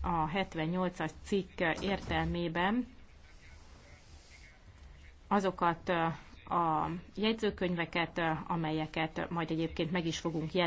a 78-as cikk értelmében azokat a jegyzőkönyveket, amelyeket majd egyébként meg is fogunk jelenni.